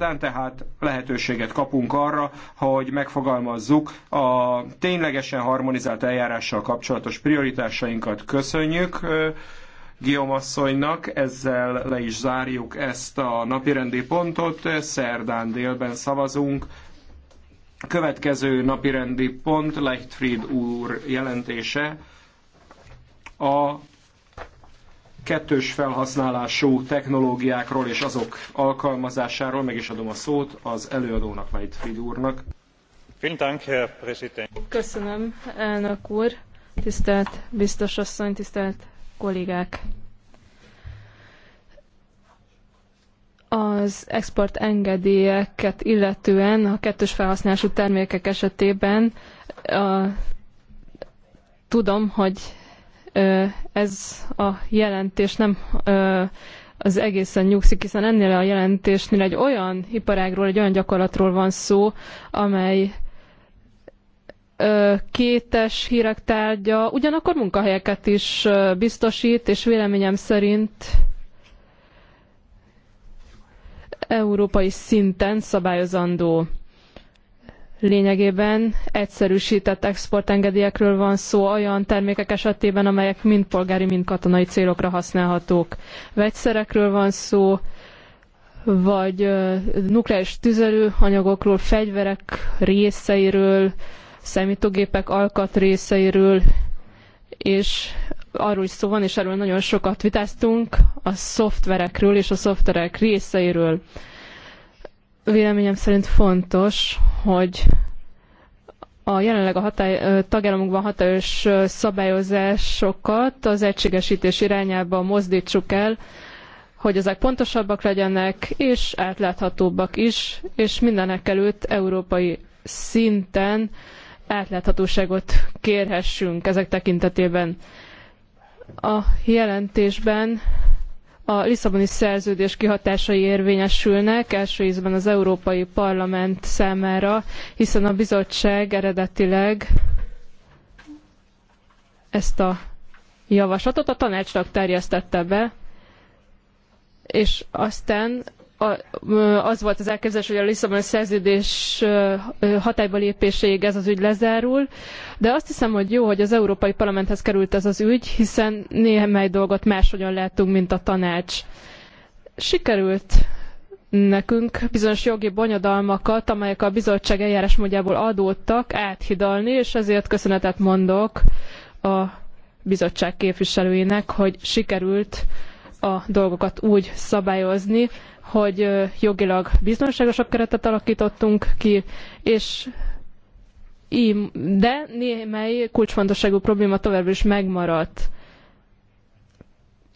szerdán, tehát lehetőséget kapunk arra, hogy megfogalmazzuk a ténylegesen harmonizált eljárással kapcsolatos prioritásainkat. Köszönjük Guillaume asszonynak, ezzel le is zárjuk ezt a napirendi pontot, szerdán délben szavazunk. A következő napirendi pont Leichtfried úr jelentése a kettős felhasználású technológiákról és azok alkalmazásáról. Meg is adom a szót az előadónak, Fried úrnak. Köszönöm, elnök úr, tisztelt biztos asszony, tisztelt kollégák. Az export engedélyeket illetően a kettős felhasználású termékek esetében a, tudom, hogy ez a jelentés nem az egészen nyugszik, hiszen ennél a jelentésnél egy olyan iparágról, egy olyan gyakorlatról van szó, amely kétes hírek tárgya, ugyanakkor munkahelyeket is biztosít, és véleményem szerint európai szinten szabályozandó. Lényegében egyszerűsített exportengedélyekről van szó olyan termékek esetében, amelyek mind polgári, mind katonai célokra használhatók. Vegyszerekről van szó, vagy nukleáris tüzelőanyagokról, fegyverek részeiről, számítógépek alkatrészeiről, és arról is szó van, és erről nagyon sokat vitáztunk, a szoftverekről és a szoftverek részeiről. Véleményem szerint fontos, hogy a jelenleg a hatály, tagállamokban hatályos szabályozásokat az egységesítés irányába mozdítsuk el, hogy ezek pontosabbak legyenek, és átláthatóbbak is, és mindenek előtt európai szinten átláthatóságot kérhessünk ezek tekintetében. A jelentésben a Lisszaboni szerződés kihatásai érvényesülnek, első ízben az Európai Parlament számára, hiszen a bizottság eredetileg ezt a javaslatot a tanácsnak terjesztette be, és aztán az volt az elképzelés, hogy a Lisszaboni szerződés hatályba lépéséig ez az ügy lezárul. De azt hiszem, hogy jó, hogy az Európai Parlamenthez került ez az ügy, hiszen néhány dolgot máshogyan láttunk, mint a tanács. Sikerült nekünk bizonyos jogi bonyodalmakat, amelyek a bizottság eljárásmódjából adódtak, áthidalni, és ezért köszönetet mondok a bizottság képviselőinek, hogy sikerült a dolgokat úgy szabályozni, hogy jogilag biztonságosabb keretet alakítottunk ki, és de némely kulcsfontosságú probléma továbbra is megmaradt.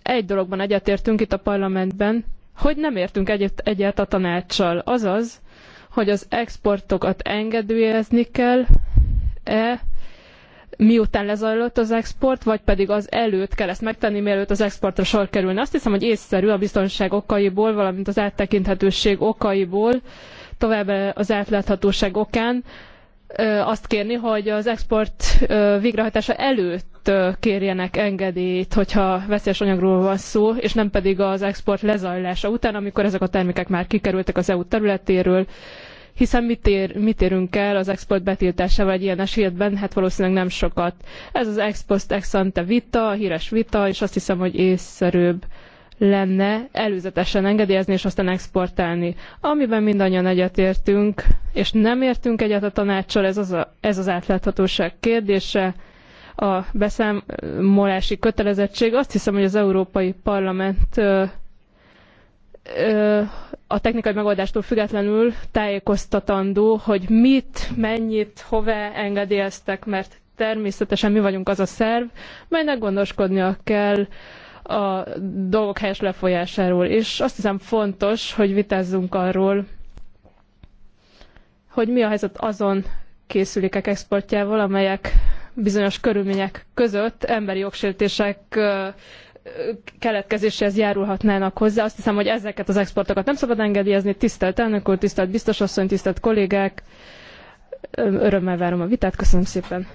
Egy dologban egyetértünk itt a parlamentben, hogy nem értünk egyet, egyet a tanácssal. Azaz, hogy az exportokat engedélyezni kell-e, miután lezajlott az export, vagy pedig az előtt kell ezt megtenni, mielőtt az exportra sor kerülne. Azt hiszem, hogy észszerű a biztonság okaiból, valamint az áttekinthetőség okaiból, továbbá az átláthatóság okán, azt kérni, hogy az export végrehajtása előtt kérjenek engedélyt, hogyha veszélyes anyagról van szó, és nem pedig az export lezajlása után, amikor ezek a termékek már kikerültek az EU területéről, hiszen mit, ér, mit érünk el az export betiltásával egy ilyen esetben? Hát valószínűleg nem sokat. Ez az ex post ex ante vita, a híres vita, és azt hiszem, hogy észszerűbb lenne előzetesen engedélyezni és aztán exportálni. Amiben mindannyian egyetértünk, és nem értünk egyet a tanácssal, ez az, a, ez az átláthatóság kérdése, a beszámolási kötelezettség. Azt hiszem, hogy az Európai Parlament ö, ö, a technikai megoldástól függetlenül tájékoztatandó, hogy mit, mennyit, hová engedélyeztek, mert természetesen mi vagyunk az a szerv, melynek gondoskodnia kell a dolgok helyes lefolyásáról. És azt hiszem fontos, hogy vitázzunk arról, hogy mi a helyzet azon készülékek exportjával, amelyek bizonyos körülmények között emberi jogsértések keletkezéséhez járulhatnának hozzá. Azt hiszem, hogy ezeket az exportokat nem szabad engedélyezni. Tisztelt elnök úr, tisztelt biztosasszony, tisztelt kollégák! Örömmel várom a vitát. Köszönöm szépen!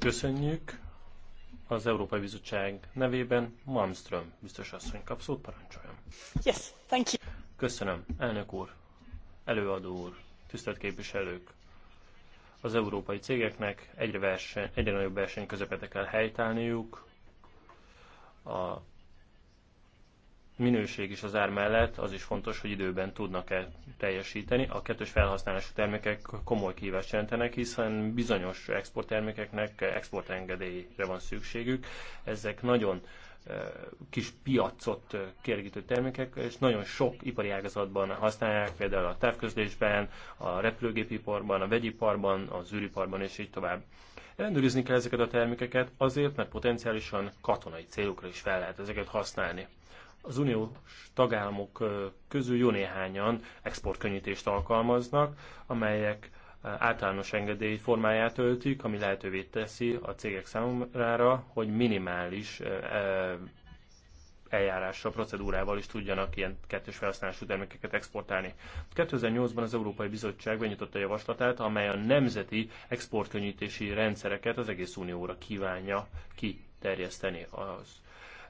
Köszönjük. Az Európai Bizottság nevében Malmström biztos asszony kap szót, parancsoljon. Yes, thank you. Köszönöm, elnök úr, előadó úr, tisztelt képviselők. Az európai cégeknek egyre, verseny, egyre nagyobb verseny közepete kell helytállniuk. A minőség is az ár mellett az is fontos, hogy időben tudnak-e teljesíteni. A kettős felhasználású termékek komoly kihívást jelentenek, hiszen bizonyos exporttermékeknek exportengedélyre van szükségük. Ezek nagyon eh, kis piacot kérgítő termékek, és nagyon sok ipari ágazatban használják, például a távközlésben, a repülőgépiparban, a vegyiparban, az űriparban, és így tovább. Ellenőrizni kell ezeket a termékeket azért, mert potenciálisan katonai célokra is fel lehet ezeket használni az uniós tagállamok közül jó néhányan exportkönnyítést alkalmaznak, amelyek általános engedély formáját öltik, ami lehetővé teszi a cégek számára, hogy minimális eljárással, procedúrával is tudjanak ilyen kettős felhasználású termékeket exportálni. 2008-ban az Európai Bizottság benyitotta a javaslatát, amely a nemzeti exportkönnyítési rendszereket az egész unióra kívánja kiterjeszteni. Az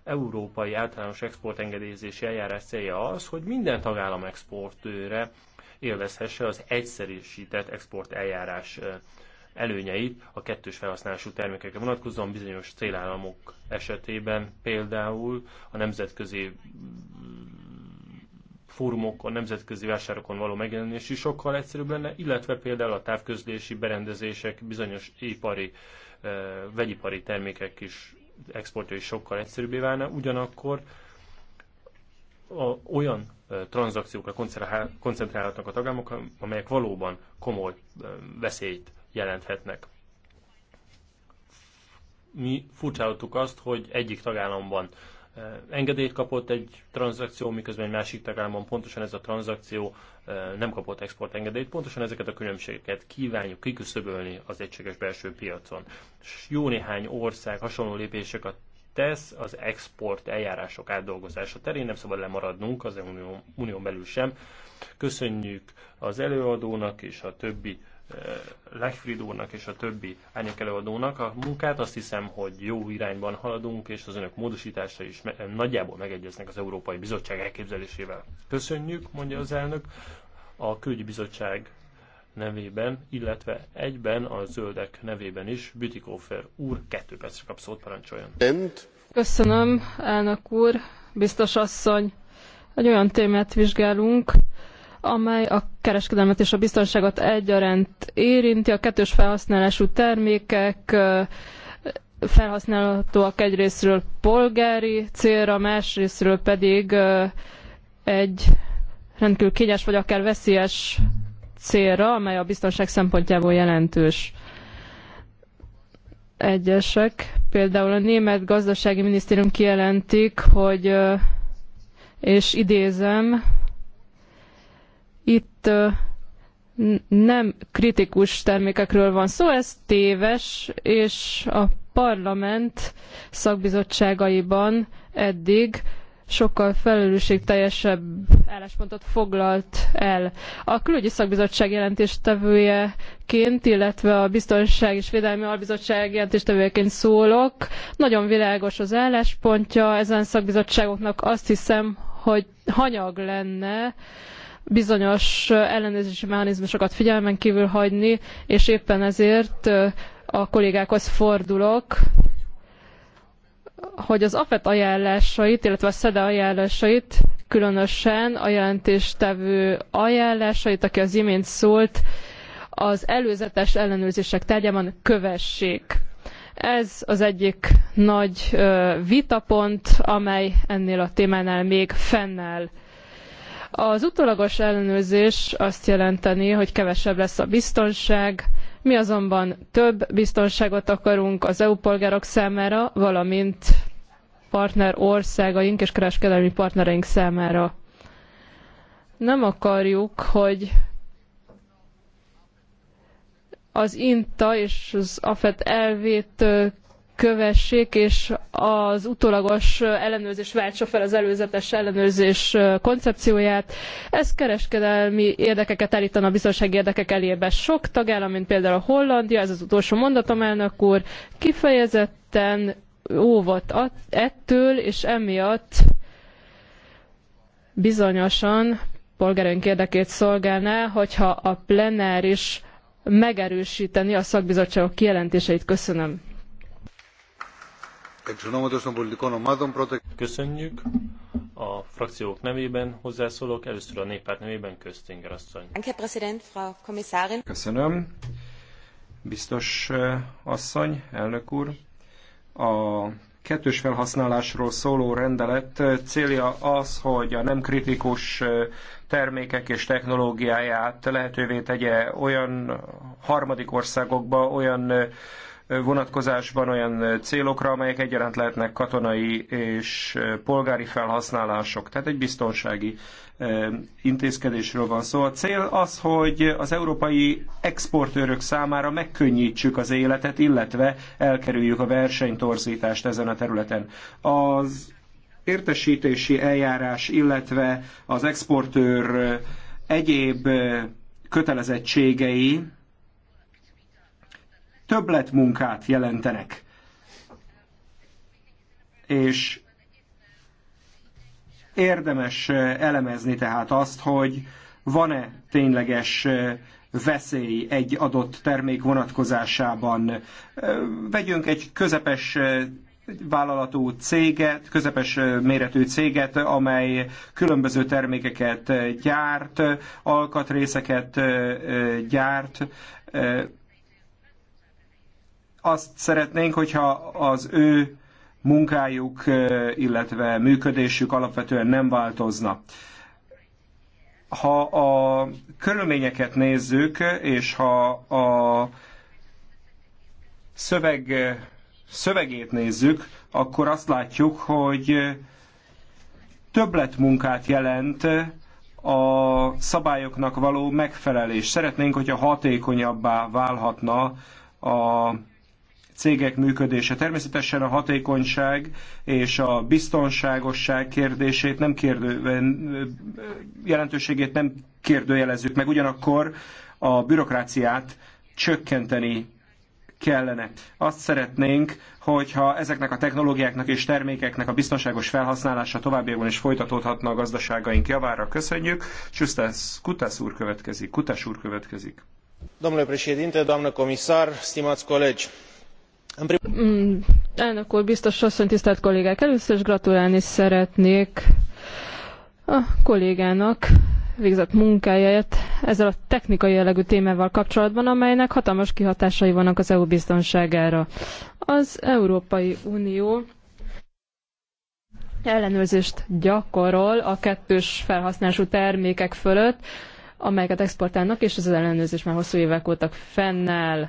európai általános exportengedélyezési eljárás célja az, hogy minden tagállam exportőre élvezhesse az egyszerűsített export eljárás előnyeit a kettős felhasználású termékekre vonatkozóan bizonyos célállamok esetében például a nemzetközi a nemzetközi vásárokon való megjelenés is sokkal egyszerűbb lenne, illetve például a távközlési berendezések, bizonyos ipari, vegyipari termékek is exportja is sokkal egyszerűbbé válna, ugyanakkor a, olyan e, tranzakciókra koncentrálhatnak a tagállamok, amelyek valóban komoly e, veszélyt jelenthetnek. Mi furcsáltuk azt, hogy egyik tagállamban engedélyt kapott egy tranzakció, miközben egy másik tagállamon pontosan ez a tranzakció nem kapott exportengedélyt. Pontosan ezeket a különbségeket kívánjuk kiküszöbölni az egységes belső piacon. S jó néhány ország hasonló lépéseket tesz az export eljárások átdolgozása terén, nem szabad lemaradnunk az unión belül sem. Köszönjük az előadónak és a többi Eh, Lechfried úrnak és a többi előadónak a munkát. Azt hiszem, hogy jó irányban haladunk, és az önök módosítása is nagyjából megegyeznek az Európai Bizottság elképzelésével. Köszönjük, mondja az elnök. A külügyi bizottság nevében, illetve egyben a zöldek nevében is Bütikófer úr kettő percre kap szót, parancsoljon. Köszönöm, elnök úr, biztos asszony. Egy olyan témát vizsgálunk, amely a kereskedelmet és a biztonságot egyaránt érinti. A kettős felhasználású termékek felhasználhatóak egyrésztről polgári célra, másrésztről pedig egy rendkívül kényes vagy akár veszélyes célra, amely a biztonság szempontjából jelentős. Egyesek, például a német gazdasági minisztérium kijelentik, hogy, és idézem, itt nem kritikus termékekről van szó, ez téves, és a parlament szakbizottságaiban eddig sokkal felelősségteljesebb álláspontot foglalt el. A külügyi szakbizottság jelentéstevőjeként, illetve a biztonság és védelmi albizottság jelentéstevőjeként szólok. Nagyon világos az álláspontja ezen szakbizottságoknak. Azt hiszem, hogy hanyag lenne, bizonyos ellenőrzési mechanizmusokat figyelmen kívül hagyni, és éppen ezért a kollégákhoz fordulok, hogy az AFET ajánlásait, illetve a SZEDE ajánlásait, különösen a jelentéstevő ajánlásait, aki az imént szólt, az előzetes ellenőrzések tárgyában kövessék. Ez az egyik nagy vitapont, amely ennél a témánál még fennáll. Az utólagos ellenőrzés azt jelenteni, hogy kevesebb lesz a biztonság, mi azonban több biztonságot akarunk az EU polgárok számára, valamint partner országaink és kereskedelmi partnereink számára. Nem akarjuk, hogy az INTA és az AFET elvét kövessék, és az utólagos ellenőrzés váltsa fel az előzetes ellenőrzés koncepcióját. Ez kereskedelmi érdekeket állítana a biztonsági érdekek elébe. Sok tagállam, mint például a Hollandia, ez az utolsó mondatom, elnök úr, kifejezetten óvat ettől, és emiatt bizonyosan polgárunk érdekét szolgálná, hogyha a plenáris megerősíteni a szakbizottságok kijelentéseit. Köszönöm. Köszönjük. A frakciók nevében hozzászólok, először a néppárt nevében Köztinger asszony. Köszönöm. Biztos eh, asszony, elnök úr. A kettős felhasználásról szóló rendelet eh, célja az, hogy a nem kritikus eh, termékek és technológiáját lehetővé tegye olyan harmadik országokba, olyan vonatkozásban olyan célokra, amelyek egyaránt lehetnek katonai és polgári felhasználások. Tehát egy biztonsági e, intézkedésről van szó. A cél az, hogy az európai exportőrök számára megkönnyítsük az életet, illetve elkerüljük a versenytorzítást ezen a területen. Az értesítési eljárás, illetve az exportőr e, egyéb e, kötelezettségei többletmunkát jelentenek. És érdemes eh, elemezni tehát azt, hogy van-e tényleges eh, veszély egy adott termék vonatkozásában. Eh, vegyünk egy közepes vállalatú céget, közepes méretű céget, amely különböző termékeket gyárt, alkatrészeket gyárt, azt szeretnénk, hogyha az ő munkájuk, illetve működésük alapvetően nem változna. Ha a körülményeket nézzük, és ha a szöveg, szövegét nézzük, akkor azt látjuk, hogy többletmunkát jelent a szabályoknak való megfelelés. Szeretnénk, hogyha hatékonyabbá válhatna a cégek működése. Természetesen a hatékonyság és a biztonságosság kérdését nem kérdő, jelentőségét nem kérdőjelezzük meg, ugyanakkor a bürokráciát csökkenteni kellene. Azt szeretnénk, hogyha ezeknek a technológiáknak és termékeknek a biztonságos felhasználása továbbiakban is folytatódhatna a gazdaságaink javára. Köszönjük. Csusztász Kutász úr következik. Kutás úr következik. Domnule președinte, doamnă comisar, stimați colegi, Mm, elnök úr, biztos asszony, tisztelt kollégák! Először is gratulálni szeretnék a kollégának végzett munkáját ezzel a technikai jellegű témával kapcsolatban, amelynek hatalmas kihatásai vannak az EU biztonságára. Az Európai Unió ellenőrzést gyakorol a kettős felhasználású termékek fölött, amelyeket exportálnak, és ez az ellenőrzés már hosszú évek óta fennáll.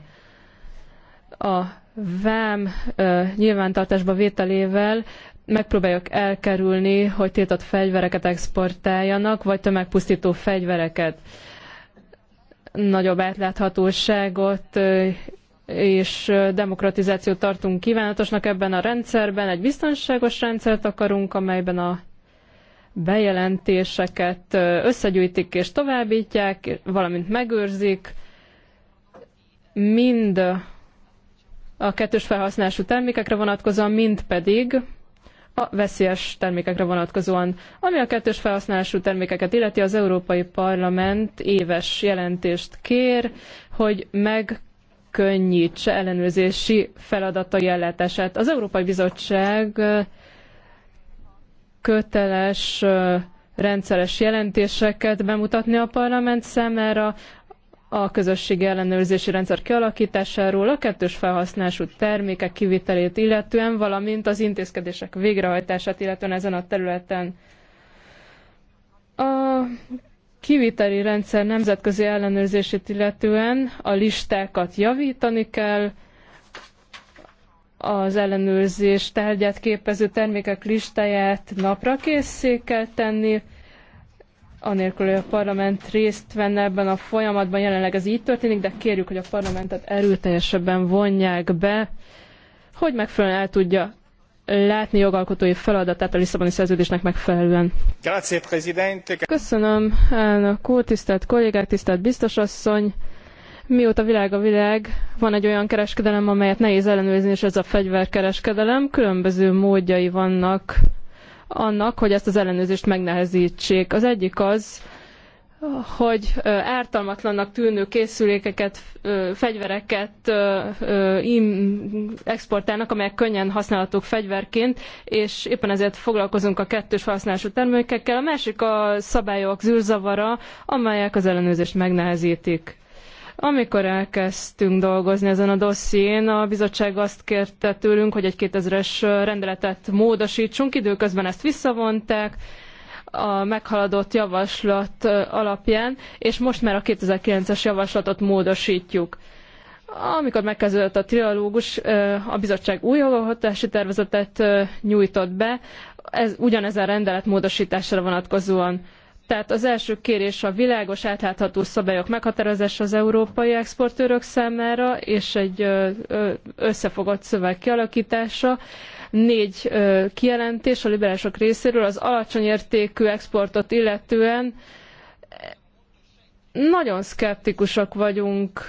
A vám nyilvántartásba vételével megpróbáljuk elkerülni, hogy tiltott fegyvereket exportáljanak, vagy tömegpusztító fegyvereket. Nagyobb átláthatóságot és demokratizációt tartunk kívánatosnak ebben a rendszerben. Egy biztonságos rendszert akarunk, amelyben a bejelentéseket összegyűjtik és továbbítják, valamint megőrzik. Mind a kettős felhasználású termékekre vonatkozóan, mind pedig a veszélyes termékekre vonatkozóan. Ami a kettős felhasználású termékeket illeti, az Európai Parlament éves jelentést kér, hogy megkönnyítse ellenőrzési feladatai ellátását. Az Európai Bizottság köteles rendszeres jelentéseket bemutatni a parlament számára, a közösségi ellenőrzési rendszer kialakításáról, a kettős felhasználású termékek kivitelét illetően, valamint az intézkedések végrehajtását illetően ezen a területen. A kiviteli rendszer nemzetközi ellenőrzését illetően a listákat javítani kell, az ellenőrzés tárgyát képező termékek listáját napra készé kell tenni, anélkül, hogy a parlament részt venne ebben a folyamatban, jelenleg ez így történik, de kérjük, hogy a parlamentet erőteljesebben vonják be, hogy megfelelően el tudja látni jogalkotói feladatát a Lisszaboni szerződésnek megfelelően. Presidente. Köszönöm, elnök úr, tisztelt kollégák, tisztelt biztosasszony. Mióta világ a világ, van egy olyan kereskedelem, amelyet nehéz ellenőrizni, és ez a fegyverkereskedelem. Különböző módjai vannak annak, hogy ezt az ellenőrzést megnehezítsék. Az egyik az, hogy ártalmatlannak tűnő készülékeket, fegyvereket exportálnak, amelyek könnyen használhatók fegyverként, és éppen ezért foglalkozunk a kettős felhasználású termékekkel. A másik a szabályok zűrzavara, amelyek az ellenőrzést megnehezítik. Amikor elkezdtünk dolgozni ezen a dosszién, a bizottság azt kérte tőlünk, hogy egy 2000-es rendeletet módosítsunk, időközben ezt visszavonták, a meghaladott javaslat alapján, és most már a 2009-es javaslatot módosítjuk. Amikor megkezdődött a trialógus, a bizottság új jogalkotási tervezetet nyújtott be, ez, ugyanezen rendelet módosítására vonatkozóan. Tehát az első kérés a világos, átlátható szabályok meghatározása az európai exportőrök számára, és egy összefogott szöveg kialakítása. Négy kijelentés a liberálisok részéről az alacsony értékű exportot illetően. Nagyon szkeptikusak vagyunk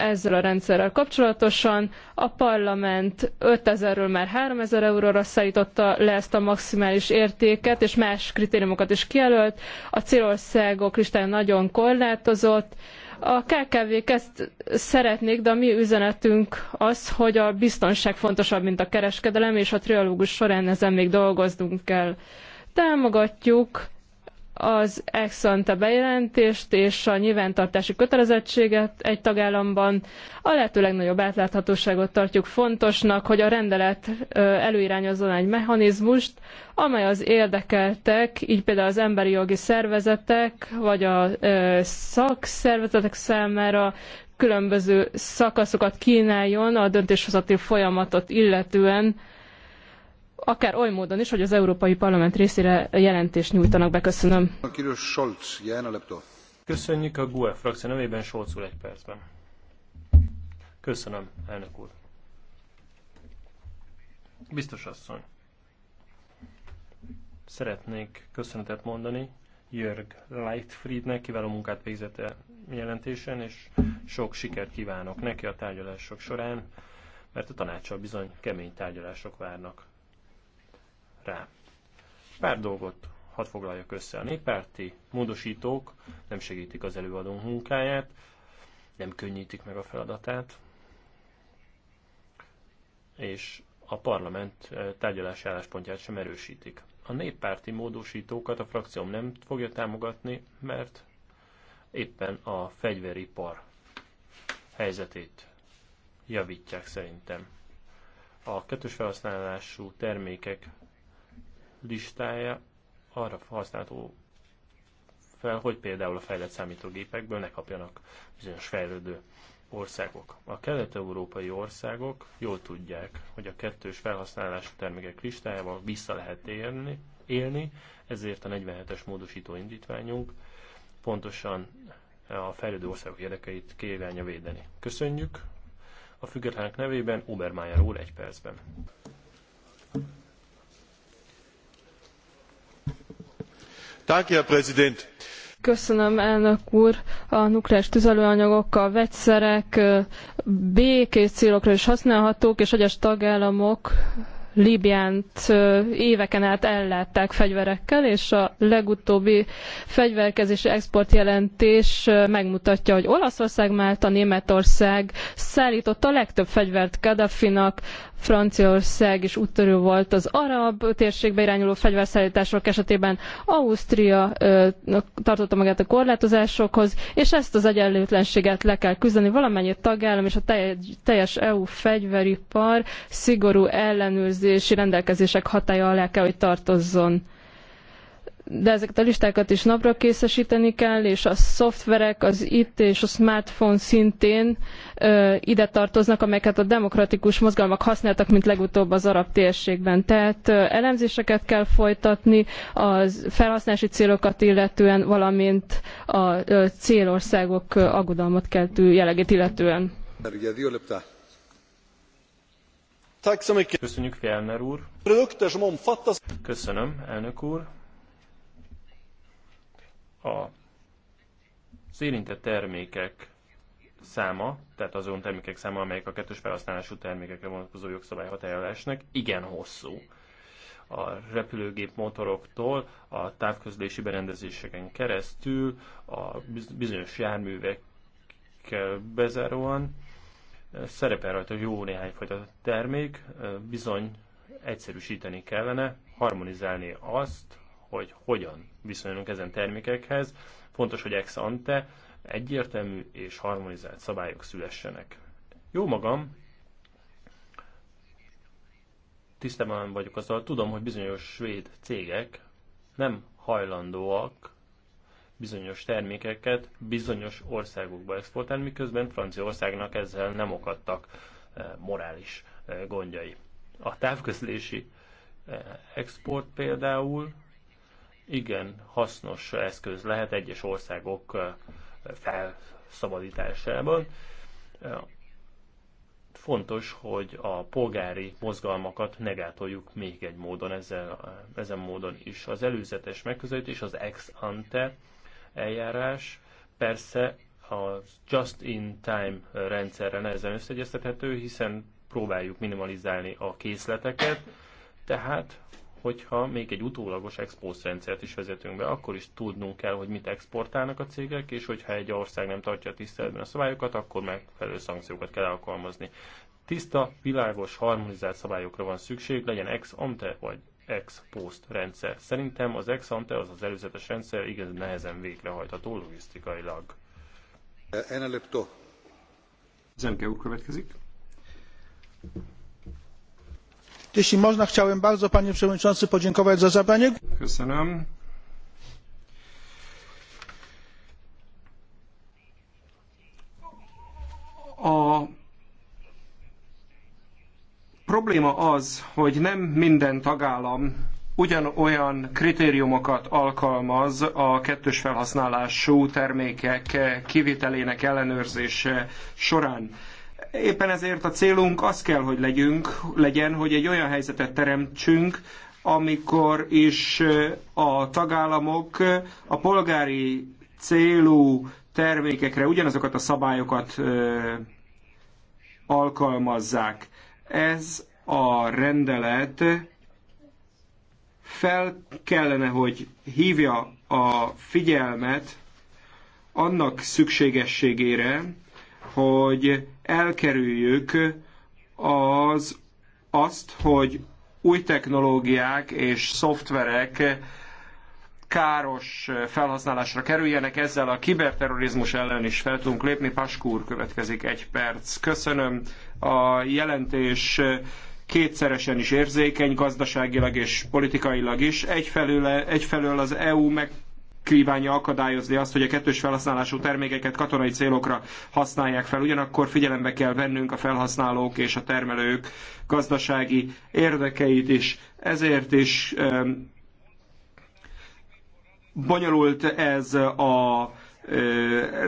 ezzel a rendszerrel kapcsolatosan. A parlament 5000-ről már 3000 euróra szállította le ezt a maximális értéket, és más kritériumokat is kijelölt. A célországok listája nagyon korlátozott. A KKV-k ezt szeretnék, de a mi üzenetünk az, hogy a biztonság fontosabb, mint a kereskedelem, és a trialógus során ezen még dolgoznunk kell. Támogatjuk az ex ante bejelentést és a nyilvántartási kötelezettséget egy tagállamban. A lehető legnagyobb átláthatóságot tartjuk fontosnak, hogy a rendelet előirányozzon egy mechanizmust, amely az érdekeltek, így például az emberi jogi szervezetek, vagy a szakszervezetek számára különböző szakaszokat kínáljon a döntéshozati folyamatot illetően, akár oly módon is, hogy az Európai Parlament részére jelentést nyújtanak be. Köszönöm. Scholz, Köszönjük a GUE frakció nevében, Scholz úr egy percben. Köszönöm, elnök úr. Biztos asszony. Szeretnék köszönetet mondani Jörg Lightfriednek, kiváló munkát végzett el jelentésen, és sok sikert kívánok neki a tárgyalások során, mert a tanácssal bizony kemény tárgyalások várnak rá. Pár dolgot hadd foglaljak össze. A néppárti módosítók nem segítik az előadó munkáját, nem könnyítik meg a feladatát, és a parlament eh, tárgyalási álláspontját sem erősítik. A néppárti módosítókat a frakcióm nem fogja támogatni, mert éppen a fegyveripar helyzetét javítják szerintem. A kettős felhasználású termékek listája arra használható fel, hogy például a fejlett számítógépekből ne kapjanak bizonyos fejlődő országok. A kelet-európai országok jól tudják, hogy a kettős felhasználású termékek listájával vissza lehet élni, élni ezért a 47-es módosító indítványunk pontosan a fejlődő országok érdekeit kívánja védeni. Köszönjük! A függetlenek nevében Obermeyer úr egy percben. Köszönöm, elnök úr. A nukleáris tüzelőanyagok, a vegyszerek békés célokra is használhatók, és egyes tagállamok Líbiánt éveken át ellátták fegyverekkel, és a legutóbbi fegyverkezési exportjelentés megmutatja, hogy Olaszország, Málta, Németország szállította a legtöbb fegyvert Gaddafinak, Franciaország is úttörő volt az arab térségbe irányuló fegyverszállítások esetében, Ausztria ö, tartotta magát a korlátozásokhoz, és ezt az egyenlőtlenséget le kell küzdeni. Valamennyi tagállam és a teljes EU fegyveripar szigorú ellenőrzés szerződési rendelkezések hatája alá kell, hogy tartozzon. De ezeket a listákat is napra készesíteni kell, és a szoftverek, az IT és a smartphone szintén ö, ide tartoznak, amelyeket a demokratikus mozgalmak használtak, mint legutóbb az arab térségben. Tehát ö, elemzéseket kell folytatni a felhasználási célokat illetően, valamint a ö, célországok aggodalmat keltő jellegét illetően. Köszönjük, Fjellner úr. Köszönöm, elnök úr. A, az érintett termékek száma, tehát azon termékek száma, amelyek a kettős felhasználású termékekre vonatkozó jogszabály hatájára esnek, igen hosszú. A repülőgép motoroktól, a távközlési berendezéseken keresztül, a bizonyos járművekkel bezáróan szerepel rajta jó néhány fajta termék, bizony egyszerűsíteni kellene, harmonizálni azt, hogy hogyan viszonyulunk ezen termékekhez. Fontos, hogy ex ante egyértelmű és harmonizált szabályok szülessenek. Jó magam, tisztában vagyok azzal, tudom, hogy bizonyos svéd cégek nem hajlandóak bizonyos termékeket bizonyos országokba exportálni, miközben Franciaországnak ezzel nem okadtak eh, morális eh, gondjai. A távközlési eh, export például igen hasznos eszköz lehet egyes országok felszabadításában. Fontos, hogy a polgári mozgalmakat negátoljuk még egy módon, ezzel, ezen módon is. Az előzetes megközelítés, az ex ante eljárás. Persze a just-in-time rendszerre nehezen összegyeztethető, hiszen próbáljuk minimalizálni a készleteket, tehát hogyha még egy utólagos export rendszert is vezetünk be, akkor is tudnunk kell, hogy mit exportálnak a cégek, és hogyha egy ország nem tartja tiszteletben a szabályokat, akkor megfelelő szankciókat kell alkalmazni. Tiszta, világos, harmonizált szabályokra van szükség, legyen ex ante vagy ex post rendszer. Szerintem az ex ante, az az előzetes rendszer igen nehezen végrehajtható logisztikailag. Enelepto. Zemke úr következik. Jeśli można, chciałem bardzo panie przewodniczący podziękować za zabranie. Köszönöm. A probléma az, hogy nem minden tagállam ugyanolyan kritériumokat alkalmaz a kettős felhasználású termékek kivitelének ellenőrzése során. Éppen ezért a célunk az kell, hogy legyünk, legyen, hogy egy olyan helyzetet teremtsünk, amikor is a tagállamok a polgári célú termékekre ugyanazokat a szabályokat alkalmazzák. Ez a rendelet fel kellene, hogy hívja a figyelmet annak szükségességére, hogy elkerüljük az azt, hogy új technológiák és szoftverek káros felhasználásra kerüljenek, ezzel a kiberterrorizmus ellen is fel tudunk lépni. Paskúr következik egy perc. Köszönöm a jelentés kétszeresen is érzékeny, gazdaságilag és politikailag is. Egyfelől, egyfelől az EU meg kívánja akadályozni azt, hogy a kettős felhasználású termékeket katonai célokra használják fel. Ugyanakkor figyelembe kell vennünk a felhasználók és a termelők gazdasági érdekeit is. Ezért is um, Bonyolult ez a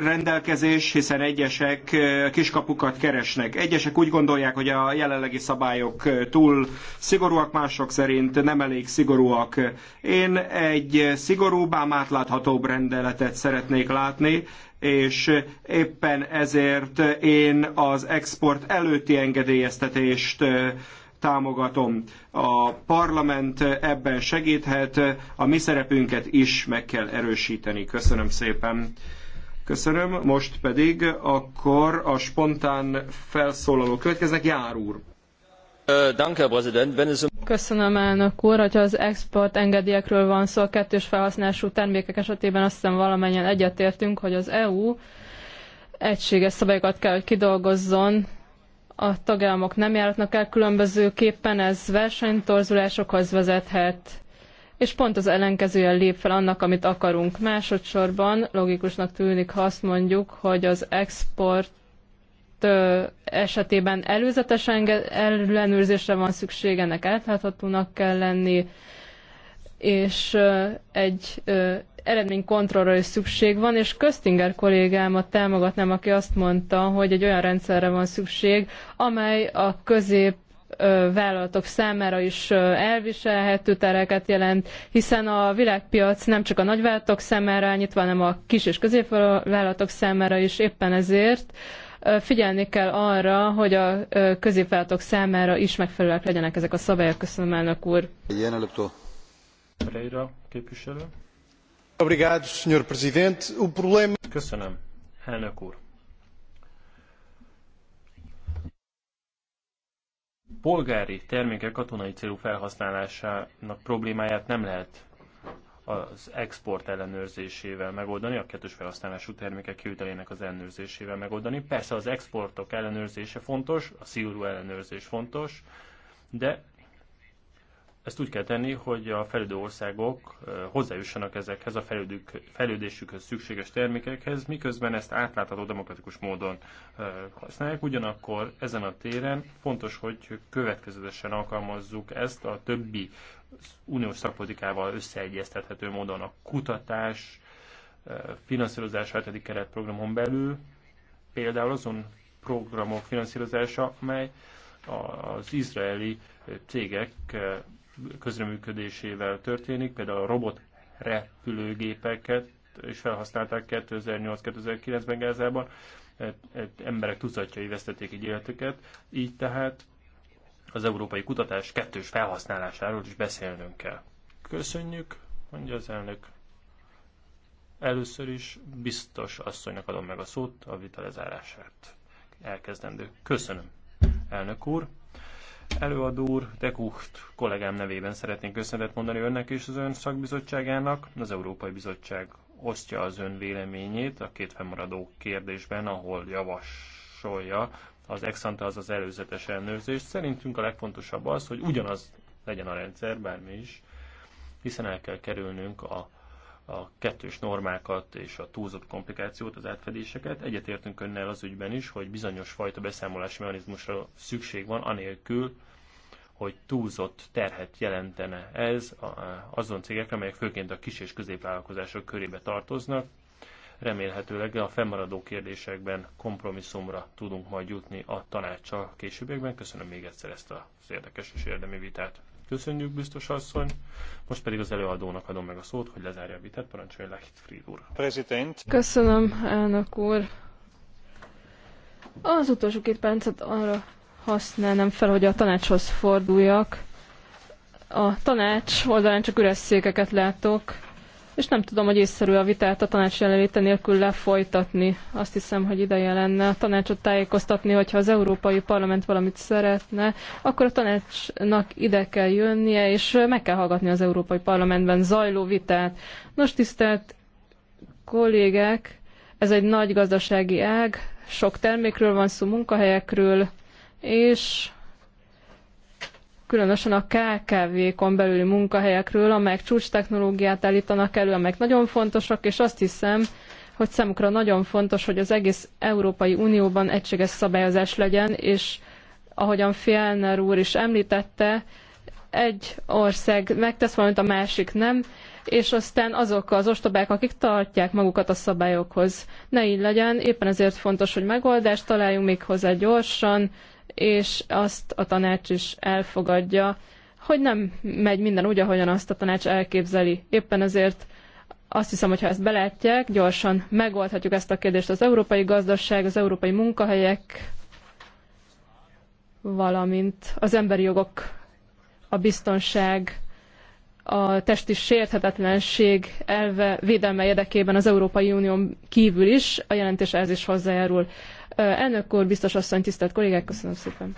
rendelkezés, hiszen egyesek kiskapukat keresnek. Egyesek úgy gondolják, hogy a jelenlegi szabályok túl szigorúak, mások szerint nem elég szigorúak. Én egy szigorúbb, ám átláthatóbb rendeletet szeretnék látni, és éppen ezért én az export előtti engedélyeztetést támogatom. A parlament ebben segíthet, a mi szerepünket is meg kell erősíteni. Köszönöm szépen. Köszönöm, most pedig akkor a spontán felszólaló következnek, Jár úr. Um- Köszönöm, elnök úr, hogyha az export engedélyekről van szó, a kettős felhasználású termékek esetében azt hiszem valamennyien egyetértünk, hogy az EU egységes szabályokat kell, hogy kidolgozzon a tagállamok nem járatnak el különbözőképpen, ez versenytorzulásokhoz vezethet, és pont az ellenkezője lép fel annak, amit akarunk. Másodszorban logikusnak tűnik, ha azt mondjuk, hogy az export esetében előzetes ellenőrzésre van szükség, ennek átláthatónak kell lenni, és egy eredménykontrollra is szükség van, és Köztinger kollégámat támogatnám, aki azt mondta, hogy egy olyan rendszerre van szükség, amely a közép vállalatok számára is elviselhető tereket jelent, hiszen a világpiac nem csak a nagyvállalatok számára nyitva, hanem a kis és középvállalatok számára is éppen ezért figyelni kell arra, hogy a középvállalatok számára is megfelelőek legyenek ezek a szabályok. Köszönöm, elnök úr. képviselő. Polgári termékek katonai célú felhasználásának problémáját nem lehet az export ellenőrzésével megoldani, a kettős felhasználású termékek kiütelének az ellenőrzésével megoldani. Persze az exportok ellenőrzése fontos, a szigorú ellenőrzés fontos, de ezt úgy kell tenni, hogy a fejlődő országok hozzájussanak ezekhez a fejlődük, fejlődésükhöz szükséges termékekhez, miközben ezt átlátható demokratikus módon használják. Ugyanakkor ezen a téren fontos, hogy következetesen alkalmazzuk ezt a többi uniós szakpolitikával összeegyeztethető módon a kutatás, finanszírozás 7. keretprogramon belül, például azon programok finanszírozása, amely az izraeli cégek közreműködésével történik, például a robot repülőgépeket és felhasználták 2008-2009-ben Gázában, emberek tucatjai vesztették így életüket, így tehát az európai kutatás kettős felhasználásáról is beszélnünk kell. Köszönjük, mondja az elnök. Először is biztos asszonynak adom meg a szót a vita lezárását. Elkezdendő. Köszönöm, elnök úr. Előadó úr, de Kucht kollégám nevében szeretnék köszönetet mondani önnek és az ön szakbizottságának. Az Európai Bizottság osztja az ön véleményét a két fennmaradó kérdésben, ahol javasolja az ex ante, az előzetes ellenőrzést. Szerintünk a legfontosabb az, hogy ugyanaz legyen a rendszer, bármi is, hiszen el kell kerülnünk a a kettős normákat és a túlzott komplikációt, az átfedéseket. Egyetértünk önnel az ügyben is, hogy bizonyos fajta beszámolási mechanizmusra szükség van, anélkül, hogy túlzott terhet jelentene ez azon cégekre, amelyek főként a kis és középvállalkozások körébe tartoznak. Remélhetőleg a fennmaradó kérdésekben kompromisszumra tudunk majd jutni a tanácssal későbbiekben. Köszönöm még egyszer ezt az érdekes és érdemi vitát. Köszönjük, biztos asszony. Most pedig az előadónak adom meg a szót, hogy lezárja a vitát. Parancsolja Fried úr. President. Köszönöm, elnök úr. Az utolsó két percet arra használnám fel, hogy a tanácshoz forduljak. A tanács oldalán csak üres székeket látok és nem tudom, hogy észszerű a vitát a tanács jelenléte nélkül lefolytatni. Azt hiszem, hogy ideje lenne a tanácsot tájékoztatni, hogyha az Európai Parlament valamit szeretne, akkor a tanácsnak ide kell jönnie, és meg kell hallgatni az Európai Parlamentben zajló vitát. Nos, tisztelt kollégek, ez egy nagy gazdasági ág, sok termékről van szó, munkahelyekről, és különösen a KKV-kon belüli munkahelyekről, amelyek csúcs technológiát állítanak elő, amelyek nagyon fontosak, és azt hiszem, hogy számukra nagyon fontos, hogy az egész Európai Unióban egységes szabályozás legyen, és ahogyan Fjellner úr is említette, egy ország megtesz valamit, a másik nem, és aztán azok az ostobák, akik tartják magukat a szabályokhoz. Ne így legyen, éppen ezért fontos, hogy megoldást találjunk még hozzá gyorsan, és azt a tanács is elfogadja, hogy nem megy minden úgy, ahogyan azt a tanács elképzeli. Éppen ezért azt hiszem, hogy ha ezt belátják, gyorsan megoldhatjuk ezt a kérdést az európai gazdaság, az európai munkahelyek, valamint az emberi jogok, a biztonság, a testi sérthetetlenség elve védelme érdekében az Európai Unión kívül is, a jelentés ez is hozzájárul. Elnök úr, biztos asszony, tisztelt kollégák, köszönöm szépen.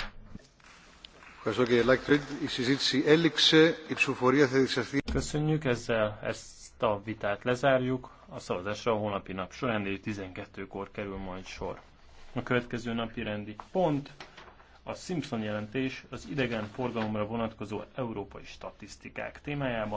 Köszönjük, ezzel ezt a vitát lezárjuk. A szavazásra a holnapi nap során, de 12-kor kerül majd sor. A következő napi rendi pont a Simpson jelentés az idegen forgalomra vonatkozó európai statisztikák témájában.